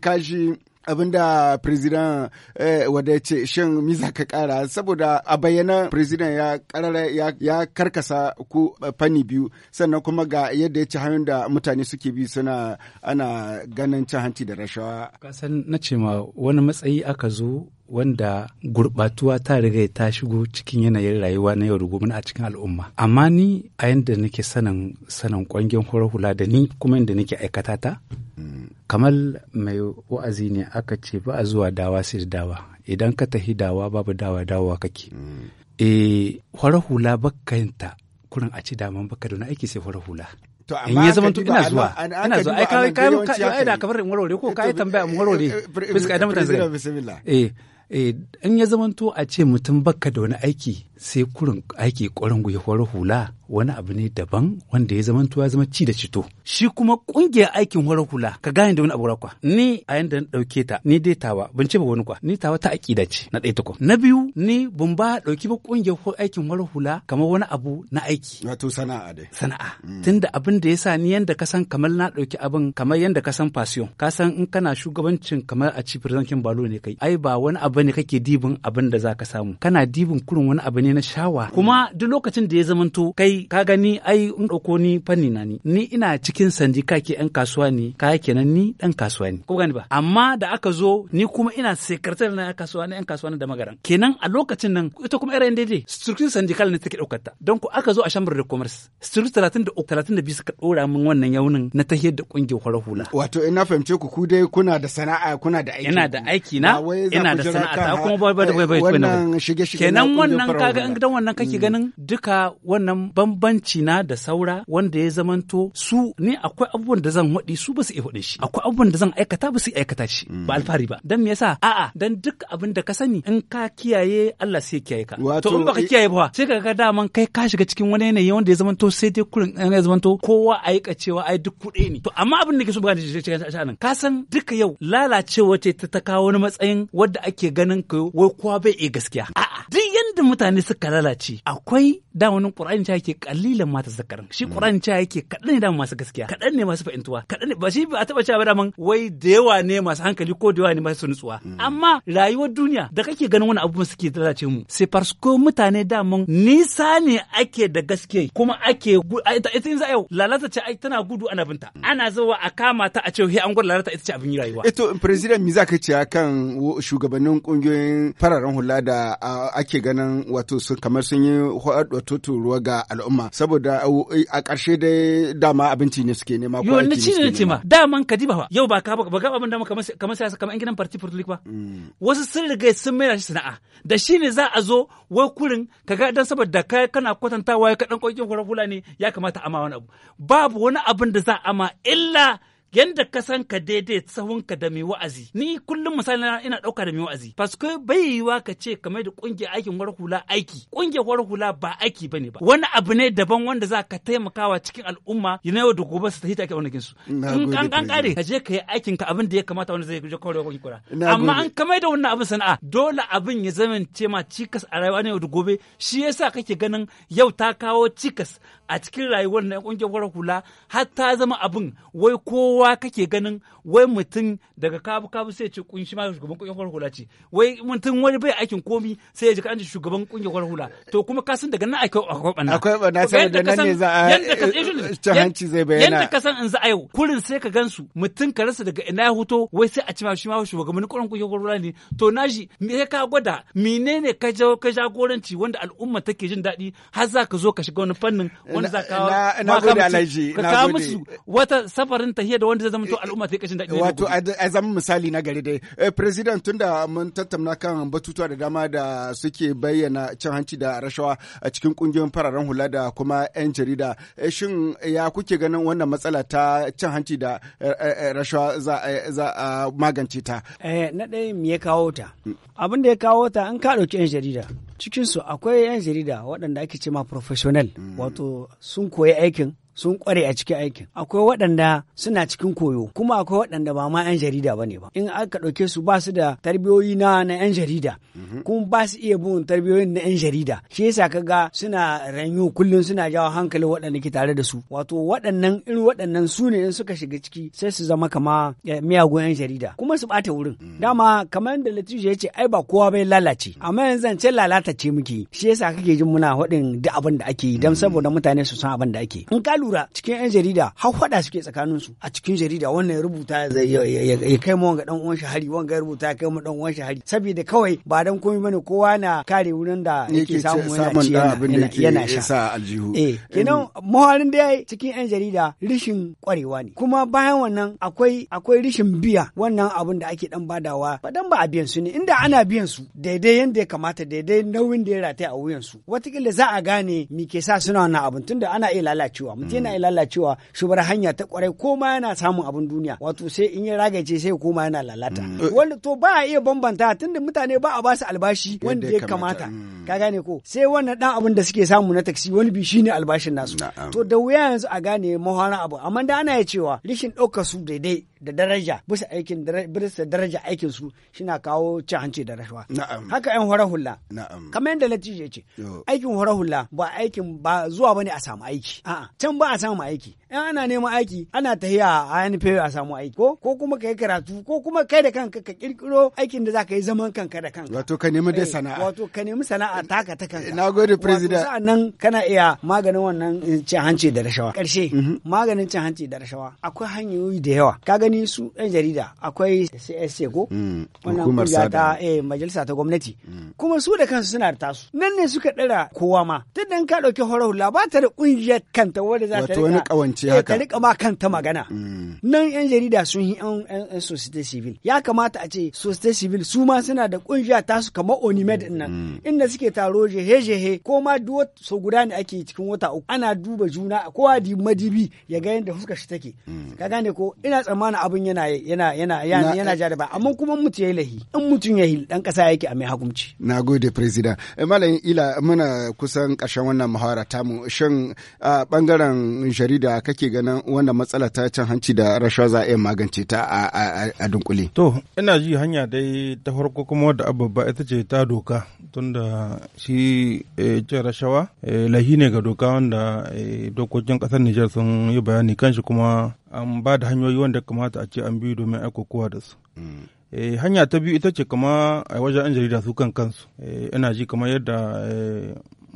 ka shi. abinda president eh, wadda ce shin mi za ka kara saboda a bayyana president ya karara ya, karkasa ku eh, fanni biyu sannan kuma ga yadda ya ci hanyar da mutane suke bi suna ana ganin cin hanci da rashawa kasan na ce ma wani matsayi aka zo wanda gurbatuwa ta riga ta shigo cikin yanayin rayuwa na yau da a cikin al'umma amma ni a yadda nake sanin sanin ƙwangen hula da ni kuma yadda nake aikata ta kamar mai wa'azi ne aka ce ba a zuwa dawa sai da dawa idan ka tahi dawa babu dawa dawa kake e horar hula bakkayinta kurin a ci daman baka da aiki sai hura hula to amma ya zama ina zuwa ina zuwa ai kai kai da kamar in warware ko kai tambaya in warware bisa eh Eh, in ya zamanto a ce mutum bakka da wani aiki sai kurin aiki ƙwarin gwiwar hula wani abu ne daban wanda ya zamanto ya zama ci da cito shi kuma ƙungiyar aikin warar hula ka gane da wani abu kwa ni a yanda na ɗauke ta ni dai tawa ban ce ba wani kwa ni tawa ta aƙida ce na ɗaya tukun na biyu ni ban ba ɗauki ba ƙungiyar aikin horar hula kamar wani abu na aiki wato sana'a dai sana'a mm. tunda abin da ya sa ni yanda ka san kamar na ɗauki abin kamar yanda ka san fasiyon ka san in kana shugabancin kamar a ci firzankin balo ne kai ai ba wani abu ne kake dibin abin da za ka samu kana dibin kurin wani abu ne na shawa kuma duk lokacin da ya zamanto kai ka gani ai in dauko ni fanni na ni ni ina cikin sandi kake yan kasuwa ne kaya kenan ni dan kasuwa ne ko gani ba amma da aka zo ni kuma ina sekretar na kasuwa na yan kasuwa na da magaran kenan a lokacin nan ita kuma irin daidai structure syndical ne take daukar ta don ku aka zo a chamber de commerce structure 33 32 suka dora min wannan yaunin na tahiyar da kungiyar kwarar hula wato ina fahimce ku ku dai kuna da sana'a kuna da aiki ina da aiki na ina da sana'a ta kuma ba ba ba ba wannan kenan wannan kaga ga dan wannan kake mm. ganin duka wannan bambanci na da saura wanda ya zamanto su ni akwai abubuwan da zan waɗi su ba su iya shi akwai abubuwan da zan aikata ba su iya aikata shi mm. ba alfahari ba dan me yasa a'a dan duk abin da ka sani in ka kiyaye Allah sai kiyaye ka to in baka kiyaye ba sai ka ga daman kai ka shiga cikin wani yanayi wanda ya zamanto sai dai kurin eh, ya zamanto kowa aika cewa ai duk kuɗi ne to amma abin da ke so ba nan ka san duka yau lalacewa ce ta kawo wani matsayin wadda ake ganin ka wai kowa bai iya gaskiya a'a da mutane suka lalace akwai da wani cewa ta yake kalilan mata zakarin shi mm. Qur'ani cewa yake kaɗan ne da masu gaskiya kaɗan ne masu fahimtuwa kaɗan ne ba shi ba a taɓa cewa daman wai da yawa ne masu hankali ko da yawa ne masu nutsuwa mm. amma rayuwar duniya da kake ganin wani abu suke lalace mu sai farsko mutane daman nisa ne ake da gaskiya kuma ake ita in za a lalata ce tana gudu ana binta mm. ana zuwa a kama ta a ce he an gwada lalata ita ce abin rayuwa eto eh president me zaka ce kan shugabannin kungiyoyin fararen hula da ake ganin nan wato sun kamar sun yi wato turuwa ga al'umma saboda a ƙarshe dai dama abinci ne suke nema ko aiki ne suke nema daman ka diba yau ba ka ba ga abin da kamar kamar sai kamar ingilan party politics ba mm. wasu sun riga sun mai shi sana'a da shi ne za a zo wai kurin kaga dan saboda kai kana kwatantawa ka dan kokin hula ne ya kamata ma wani abu babu wani abin da za a ma illa yanda ka san ka daidai tsawon ka da mai wa'azi ni kullum misali ina dauka da mai wa'azi fasko bai yiwa ka ce kamar da kungiyar aikin war hula aiki kungiyar war hula ba aiki bane ba wani abu ne daban wanda za ka taimakawa cikin al'umma na yau da gobe su tafi take wani su in kan kan kare ka je ka yi aikin ka abin da ya kamata wanda zai je kawai da. kura amma an kamar da wannan abin sana'a dole abin ya zama ce ma cikas a rayuwa na yau da gobe shi yasa kake ganin yau ta kawo cikas a cikin rayuwar na kungiyar war hula har ta zama abin wai kowa kowa kake ganin wai mutum daga kabu kabu sai ce kunshi ma shugaban kungiyar hula ce wai mutum wani bai aikin komi sai ya ji kanji shugaban kungiyar hula to kuma ka san daga nan akwai akwai banna akwai banna da nan ne za a ci eh, hanci zai bayyana yanda ka san in za a yau kurin sai ka gansu mutum ka rasa daga ina ya huto wai sai a ci ma shi ma shugaban kungiyar hula ne to na ji me ka gwada menene ka ka jagoranci wanda al'umma take jin daɗi har za ka zo ka shiga wani fannin wani za ka kawo ka kawo musu wata safarin tahiya da wanda zai zama to al'umma ta kashin daɗi wato a zama misali na gari dai eh, president tunda mun tattauna kan batutuwa da dama da suke bayyana cin hanci da rashawa a cikin kungiyoyin fararen hula da kuma 'yan jarida eh, shin ya kuke ganin wannan matsala ta cin hanci da eh, rashawa za a magance ta na ɗaya me ya kawo ta abin da ya kawo ta an ka ɗauki 'yan jarida cikinsu akwai 'yan jarida waɗanda ake ce ma professional mm. wato sun koyi aikin sun kware a cikin aikin akwai waɗanda suna cikin koyo kuma akwai waɗanda ba ma 'yan jarida ba ne ba in aka ɗauke su ba su da tarbiyoyi na na 'yan jarida mhm. kuma ba su iya bin tarbiyoyin na 'yan jarida shi yasa ka ga suna ranyo kullum suna jawo hankalin waɗanda ke tare da su wato waɗannan irin waɗannan su ne in suka shiga ciki sai su zama kama eh, miyagun 'yan jarida kuma su ɓata wurin mm. dama kamar yadda Latifu ya ce ai ba kowa bai lalace amma yanzu zance lalata ce muke shi yasa kake jin muna waɗin duk abin da ake yi don mm. saboda mutane su san abin da ake in lura cikin 'yan jarida har faɗa suke tsakaninsu a cikin jarida wannan ya rubuta ya kai mu ga dan uwan shi hari wanga ya rubuta ya kai mu dan uwan shi hari saboda kawai ba dan komai bane kowa na kare wurin da yake samu yana yana sa aljihu eh kenan muhalin da yayi cikin 'yan jarida rishin kwarewa ne kuma bayan wannan akwai akwai rishin biya wannan abun da ake dan badawa ba dan ba a biyan su ne inda ana biyan su daidai yanda ya kamata daidai nauyin da ya rataya a wuyan su watakila za a gane me ke sa suna wannan abun tunda ana iya lalacewa na yana lalacewa shi bar hanya ta kwarai ko ma yana samun abin duniya wato sai in ya ragace sai koma yana lalata mm. eh. wanda to ba a iya bambanta tunda mutane ba a ba su albashi wanda ya kamata mm. ka gane ko sai wannan dan abin da suke samu na taksi wani bi shine albashin nasu to da wuya yanzu a gane mahana abu amma da ana ya cewa rishin ɗaukar su daidai da daraja bisa aikin bisa daraja aikin su shina kawo cin hanci da rashawa haka yan hore hulla kamar yadda latije ce aikin hore hulla ba aikin ba zuwa bane a samu aiki a'a can ba a samu aiki in ana neman aiki ana ta a NPO a samu aiki ko ko kuma kai karatu ko kuma kai da kanka ka kirkiro aikin da za ka yi zaman kanka da kanka wato ka nemi dai eh, sana'a wato ka nemi sana'a taka ta kanka n'a gode president sa'annan kana iya maganin wannan cin hanci da rashawa karshe mhm. maganin cin hanci da rashawa akwai hanyoyi da yawa ka gani su yan jarida akwai CSC ko mm. wannan kungiya ta eh, majalisa ta gwamnati mm. kuma su da kansu suna da tasu nan ne suka dira kowa ma tunda ka dauki horo hula ba ta da kungiyar kanta wanda za ta wani kawance eh, haka ta rika ma kanta magana mm. nan yan jarida sun yi yan society civil ya kamata a ce society civil su ma suna da kungiya su kamar onimed din nan mm. inda suke taro jehe jehe ko ma duwa so guda ne ake cikin wata uku ana duba juna kowa di madibi ya ga yadda fuskar shi take mm. ka gane ko ina tsammanin abin yana yana yana yana ja da ba amma kuma mutum yayi lahi in mutum yayi dan kasa yake a mai hakunci gode president eh, malam ila muna kusan karshen wannan muhawara tamu shin a bangaren jarida kake ganin wanda matsala ta cin hanci da rashawa za a magance ta a dunkule. To, ina ji hanya dai ta farko kuma wadda ababba ita ce ta doka tunda shi eh, cin rashawa eh, lahi ne ga doka wanda eh, dokokin ƙasar Nijar sun yi bayani kanshi kuma an ba da hanyoyi wanda kamata a ce an bi domin aikokowa da su. Mm. hanya ta biyu ita ce kama a wajen 'yan jarida su kan kansu. ina ji kamar yadda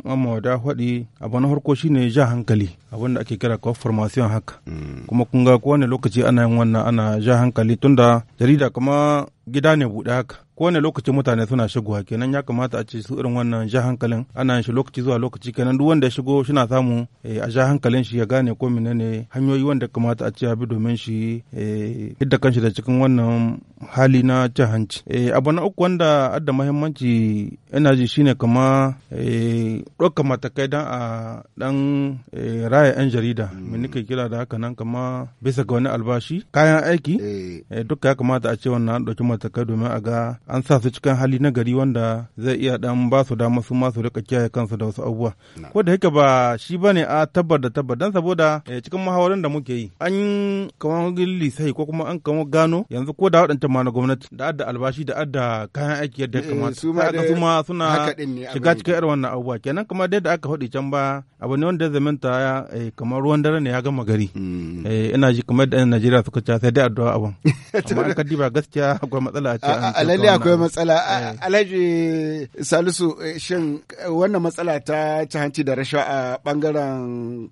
mamawada faɗi abu na farko shine ja hankali abin da ake kira kawai formation haka mm. kuma kun ga kowane lokaci ana yin wannan ana ja hankali tunda jarida kama gida ne buɗe haka kowane lokaci mutane suna shigowa kenan ya kamata a ce su irin wannan ja hankalin ana yin shi lokaci zuwa lokaci kenan duk wanda ya shigo na samu eh, a ja hankalin shi ya gane ko menene hanyoyi wanda kamata a ce ya bi domin shi hidda eh, kanshi da cikin wannan hali na cin hanci eh, abu na uku wanda adda mahimmanci ina ji shine kama ɗaukar matakai dan a dan raya 'yan jarida mm. me nake kira da haka nan kama bisa ga wani albashi kayan aiki duka ya kamata a ce wannan ɗauki matakai domin a ga an sa su cikin hali na gari wanda zai iya dan ba su dama su ma su rika kiyaye kansu da wasu abubuwa ko da yake ba shi bane a tabbar da tabbar dan saboda eh, cikin muhawarar da muke yi an kamar sai ko kuma an kamar gano yanzu ko da waɗancan ma na gwamnati da adda albashi da adda kayan aiki yadda ya eh, kamata su ma suna shiga cikin irin wannan abubuwa kenan kamar dai da aka faɗi can ba abu ne wanda zamanta ya eh, kamar ruwan dare ne ya gama gari hmm. ina ji kamar da Najeriya suka ce sai dai addu'a abun amma an kaddi ba gaskiya akwai matsala a ce an akwai matsala eh. alhaji salisu eh, shin wannan matsala ta ci hanci da rashawa a bangaren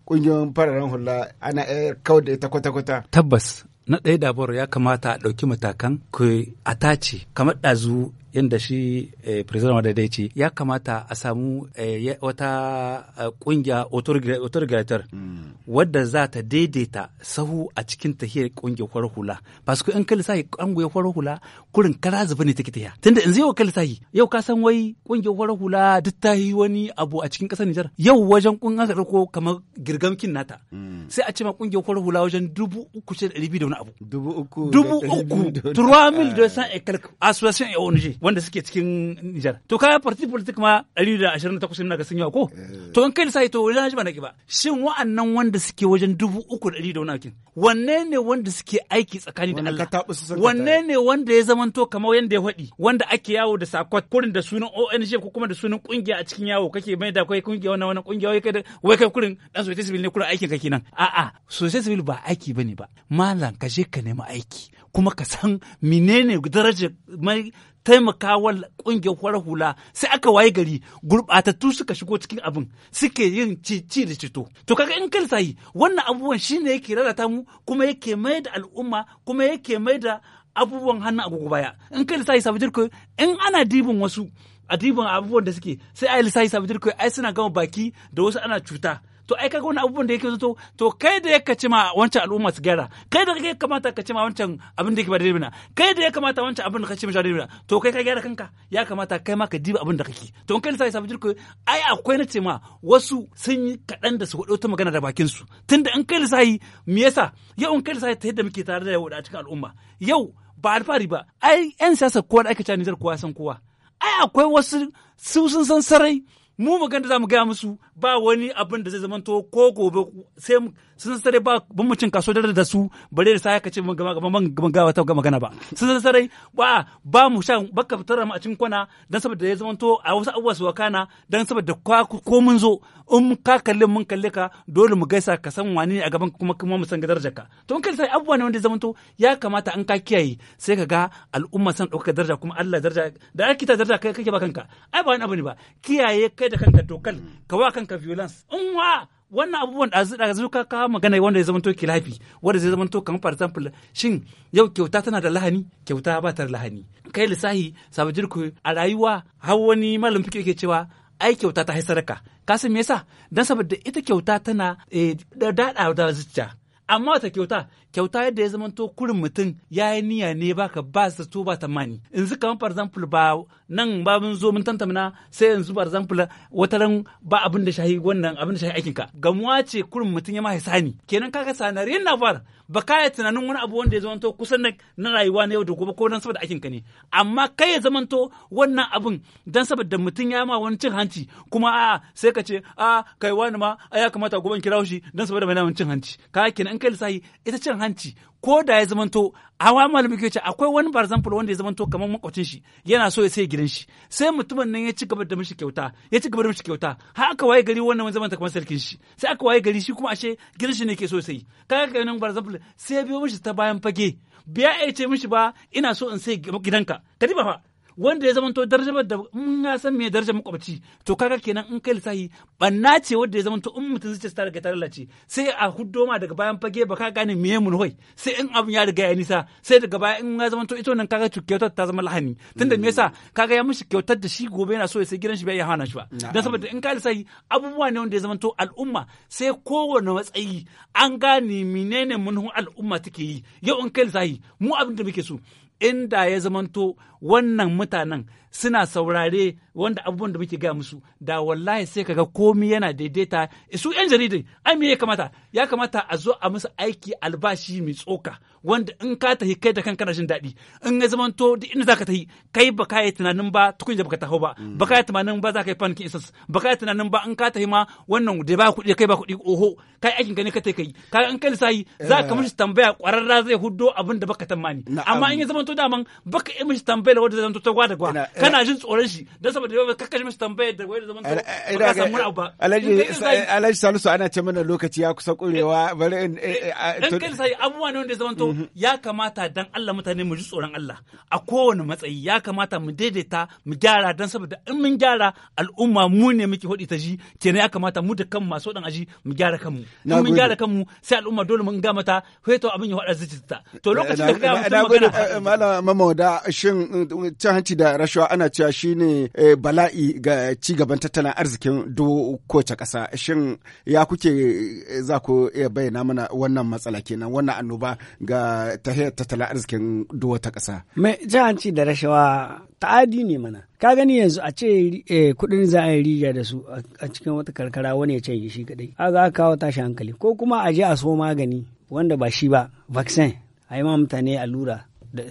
kungiyoyin fararen hula ana kawo da ita kwata-kwata tabbas na ɗaya dabar ya kamata a ɗauki matakan ku a tace kamar ɗazu yadda shi eh, president madaidaici ya kamata a samu eh, wata eh, kungiya autorregulator mm. wadda za ta daidaita sahu a cikin tahiyar kungiyar kwarar hula basu yan kalisa yi kungiyar kwarar hula kurin kara zuba ne take tahiya tunda yanzu yau kalisa yi. yau ka san wai kungiyar kwarar hula duk ta yi wani abu a cikin kasar Nijar yau wajen kungiyar ko kamar girgamkin nata mm. sai a ce ma kungiyar kwarar hula wajen dubu uku ce da ɗari biyu da wani abu dubu uku dubu uku trois mille deux cent et quelques association et ONG wanda suke cikin Nijar. To kaya parti politik ma 128 na ga sun yawa ko? Eh. To in kai sai to wani ba na ki ba. Shin wa'annan wanda suke wajen dubu uku da da wani Wanne ne wanda suke aiki tsakani da Allah? Wanne ne wanda ya zamanto kamar yanda ya faɗi? Wanda ake yawo da sakot kurin da sunan ONG ko kuma da sunan kungiya a cikin yawo kake mai da kai kungiya wannan wannan kungiya wai kai wai kai kurin dan society civil ne kurin aikin kake nan. A'a, society civil ba aiki bane ba. Malam ka je ka nemi aiki kuma ka san menene darajar mai taimakawa ƙungiyar farar hula sai aka waye gari gurɓatattu suka shigo cikin abin suke yin ci da cito to kaga in kan sayi wannan abubuwan shine yake rarata mu kuma yake mai da al'umma kuma yake mai da abubuwan hannu agogo baya in kan sayi sabidir ko in ana dibin wasu a dibin abubuwan da suke sai a yi lissafi sabidir ko ai suna gama baki da wasu ana cuta to ai kaga wani abubuwan da yake zo to kai da yake cima wancan al'umma su gyara kai da kake kamata ka cima wancan abin da yake ba daidai bane kai da yake kamata wancan abin da kake cima daidai bane to kai ka gyara kanka ya kamata kai ma ka diba abin da kake to kai sai sabu jirko ai akwai na cima wasu sun yi kadan da su wado ta magana da bakin su tunda in kai sai me yasa yau in kai sai ta yadda muke tare da yau a cikin al'umma yau ba alfari ba ai yan siyasa kowa da aka ci Nijar kowa san kowa ai akwai wasu su sun san sarai mu magana da za mu gaya musu ba wani abin da zai zamanto ko gobe sai sun sare ba bambancin kaso da da su bare da sai ka ce gaban gawa ta magana ba sun sare ba ba mu sha baka fitar mu a cikin kwana dan saboda ya zamanto a wasu abubuwa su wakana dan saboda ko mun zo in ka kalle mun kalle ka dole mu gaisa ka san wani a gaban kuma kuma mu san ga darajar ka to in kai sai abubuwa ne wanda ya zamanto ya kamata an ka kiyaye sai ka ga al'umma san dauka daraja kuma Allah daraja da ake ta daraja kai kake ba kanka ai ba wani abu ne ba kiyaye kai da kanka dokal ka wa kanka violence in wa wannan abubuwan ɗazu ɗazu ka kawo magana wanda ya zamanto kilafi wanda zai zamanto kamar for example shin yau kyauta tana da lahani kyauta ba ta da lahani kai lissahi sabajir ku a rayuwa har wani malam fike yake cewa ai kyauta ta haisa sadaka ka san me yasa dan saboda ita kyauta tana eh, da dada da zuciya amma ta kyauta kyauta yadda ya zama to kurin mutum ya yi niyya ne baka ba su to ba tamani yanzu kamar for example ba nan ba mun zo mun tantamna sai yanzu for example wata ran ba abin da shahi wannan abin da shahi aikin ka gamuwa ce kurin mutum ya ma sani kenan kaga sanarin na fara ba ka yi tunanin wani abu wanda ya zamanto kusan na rayuwa na yau da gobe ko dan saboda ka ne amma kai ya zamanto wannan abun dan saboda mutum ya ma wani cin hanci kuma a sai ka ce a kai wani ma a ya kamata gobe kira shi dan saboda mai wani cin hanci ka kenan in kai lissahi ita cin hanci ko da ya zamanto hawa malamin ke ce akwai wani bar example wanda ya zamanto kamar makwacin shi yana so ya sai gidan shi sai mutumin nan ya ci gaba da mishi kyauta ya ci gaba da mishi kyauta har aka waye gari wannan wani zamanta kamar sarkin shi sai aka waye gari shi kuma ashe gidan shi ne ke so sai kaga kai nan bar example sai biyo mishi ta bayan fage biya ya ce mishi ba ina so in sai gidanka ka ba fa wanda ya zamanto darajar da mun ya san me darajar makwabci to kaga kenan in kai lissahi banna ce wanda ya zamanto in mutum zuciya ta ga ta ce sai a huddo ma daga bayan fage ba ka gane me mun hoy sai in abun ya riga ya nisa sai daga baya in ya zamanto ito nan kaga kyautar ta zama lahani tunda me yasa kaga ya mishi kyautar da shi gobe yana so ya sai gidan shi bai ya hana shi ba dan saboda in kai lissahi abubuwa ne wanda ya zamanto al'umma sai kowane matsayi an gane menene munhun al'umma take yi yau in kai lissahi mu abin da muke so inda ya zamanto wannan mutanen suna saurare wanda abubuwan da muke gaya musu da wallahi sai kaga komi yana daidaita su yan jaridar ai me ya kamata ya kamata a zo a musu aiki albashi mai tsoka wanda in ka tafi kai da kanka na jin daɗi in ya zama to duk inda zaka tafi kai ba ka yi tunanin ba tukun da baka taho ba mm. ba ka yi tunanin ba za ka yi fanki isas ba ka yi tunanin ba in ka tafi ma wannan da ba kuɗi kai ba kuɗi oho yi aikin ka ne ka tafi kai ka in kai lissafi za ka eh. mishi tambaya ƙwararra zai huddo abin da baka tamani amma in ya zama to daman ka yi mishi tambaya wanda zama to gwa da gwa kana jin tsoron shi don saboda ba ka kashe mishi tambaya da wanda zama to ba ka samu abu ba. Alhaji Salisu ana ce mana lokaci ya kusa kurewa bari in eh, eh, ah, dan kan sai abubuwa ne wanda zamanto mhm. ya kamata dan Allah mutane mu ji tsoron Allah a kowane matsayi ya kamata mu daidaita mu gyara dan saboda in mun gyara al'umma mu ne muke hodi ta ji kenan ya kamata mu da kanmu masu dan aji mu gyara kanmu in mun gyara kanmu sai al'umma dole mun ga mata to abin ya hada zuciyarta to eh, lokacin da ga mutum magana malam mamauda shin cin hanci da rashawa ana cewa shine bala'i ga ci gaban tattalin arzikin do kowace kasa shin ya kuke za ku ko iya bayyana mana wannan matsala kenan wannan annoba ga tahiyar tattalin arzikin duwa ta ƙasa. Mai jihanci da rashawa ta'adi ne mana. Ka gani yanzu a ce eh, kuɗin za a yi riga da su a cikin wata karkara wani ya ce shi kaɗai. A za kawo tashi hankali ko kuma a je a so magani wanda ba shi ba vaccine a yi ma mutane allura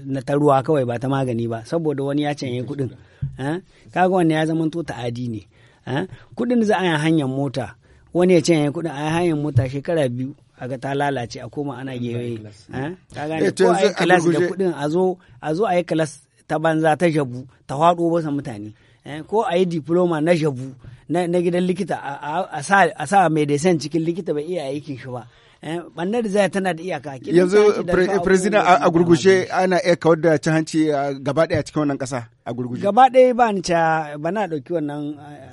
na ta ruwa kawai ba ta magani ba saboda wani ya canye kuɗin. Eh? Kaga wannan ya zama to ta'adi ne. Eh? Kuɗin za a yi hanyar mota wani ya ce ya kudin a hanyar mota shekara biyu a ga ta lalace a koma ana gewe eh, ta ko a class da kudin a zo a yi kalas ta banza ta jabu ta faɗo basa mutane eh, ko a yi diploma na jabu na gidan likita a sa medecin cikin likita bai iya aikin shi ba da eh, zai tana da iyaka yanzu president a gurgushe ana iya kawar da cin hanci gaba daya cikin wannan kasa a gurguje gaba daya ba ni ca ba na dauki wannan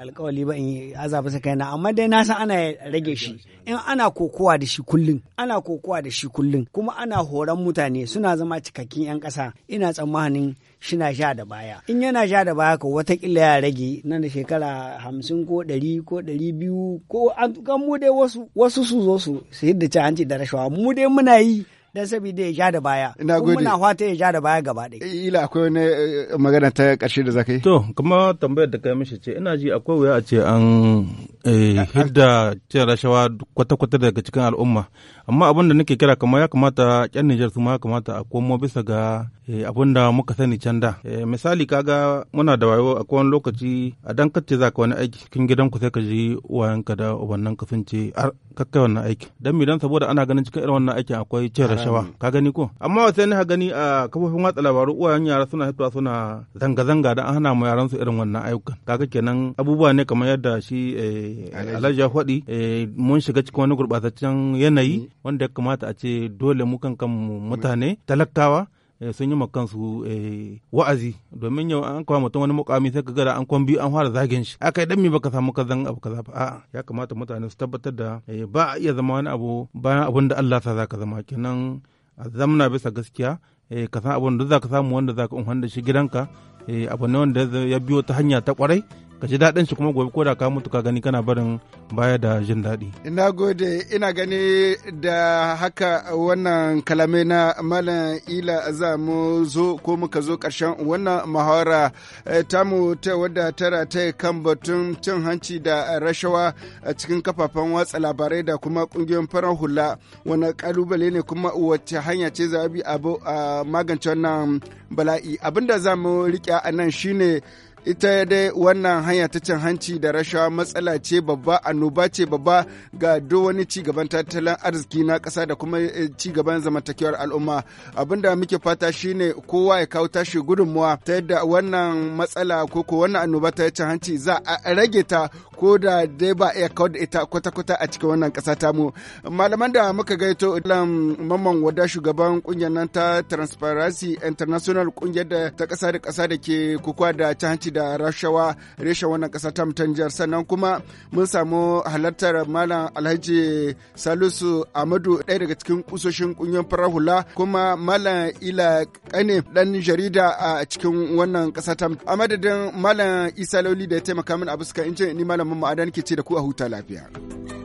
alkawali ba in azaba sa kaina amma dai na san ana rage shi in ana kokowa da shi kullun ana kokowa da shi kullun kuma ana horan mutane suna zama cikakkin yan kasa ina tsammanin shina sha da baya in yana sha da baya ko watakila ya rage nan da shekara hamsin ko ɗari ko ɗari biyu ko an mu dai wasu wasu su zo su sayar da an ci da rashawa mu dai muna yi dan saboda ya ja da baya ina gode muna fata ya ja da baya gaba ɗaya eh, ila akwai wani eh, magana ta ƙarshe da zaka yi to kuma tambayar da kai mishi ce ina ji akwai wuya a ce an Eh, hidda cin rashawa kwata-kwata daga cikin al'umma amma abin da nake kira kamar ya kamata kyan Nijar su ma kamata a komo bisa ga eh, abin da muka sani can da eh, misali kaga muna da wayo a kowane lokaci a dan kacce za ka wani aiki cikin gidan ku sai ka ji ka da ubannan ka sun ce ar kakkai wannan aiki dan mi dan saboda ana ganin cikin irin wannan aikin akwai cin rashawa ka gani ko amma sai ni ha gani a kafofin watsa labaru uwayen yara suna hitowa suna zanga-zanga da an hana mu yaran su irin wannan ayyukan kaga kenan abubuwa ne kamar yadda shi alhaji faɗi eh, mun shiga cikin wani gurɓataccen yanayi mm. wanda ya kamata a ce dole mu kan kanmu mutane mm. talakawa eh, sun yi su eh, wa'azi domin yau an kawo mutum wani mukami sai ka gara an kwan biyu an fara zagin shi aka yi dan mi ka samu kazan abu kaza ba a'a ya kamata mutane su tabbatar da ba a iya zama wani abu bayan abin da Allah sa zaka zama kenan a zamna bisa gaskiya ka san abin da zaka samu wanda zaka umfan da shi gidanka abu ne wanda ya biyo ta hanya ta kwarai ka ji daɗin shi kuma gobe ko da ka mutu ka gani kana barin baya da jin daɗi. Ina gode ina gani da haka wannan kalame na malam ila za mu zo ko muka zo ƙarshen wannan muhawara eh, tamu ta wadda tara ta kan batun cin hanci da rashawa a cikin kafafen watsa labarai da kuma ƙungiyoyin farar hula wani ƙalubale ne kuma wacce hanya ce za a magance wannan bala'i abinda za mu riƙe a nan shine ita dai wannan hanya ta cin hanci da rashawa matsala ce babba annoba ce babba ga duk wani gaban tattalin arziki na ƙasa da kuma eh, ci gaban zamantakewar al'umma abinda muke fata shine kowa ya kawo tashi gudunmuwa ta yadda wannan matsala ko wannan annoba ta cin hanci za a rage ta ko da dai ba iya kawar da ita kwata-kwata a cikin wannan ƙasa ta mu malaman da muka gaito ilan mamman wada shugaban kungiyar nan ta transparency international kungiyar da ta ƙasa da ƙasa da ke kukuwa da ta hanci da rashawa reshen wannan ƙasa ta mutan jihar sannan kuma mun samu halartar malam alhaji salisu amadu ɗaya daga cikin kusoshin kungiyar farar hula kuma malam ila kane ɗan jarida a cikin wannan ƙasa tamu a madadin malam isa lauli da ya taimaka min a fuskar injin ni malam Mamman ki ke ce da ku a huta lafiya.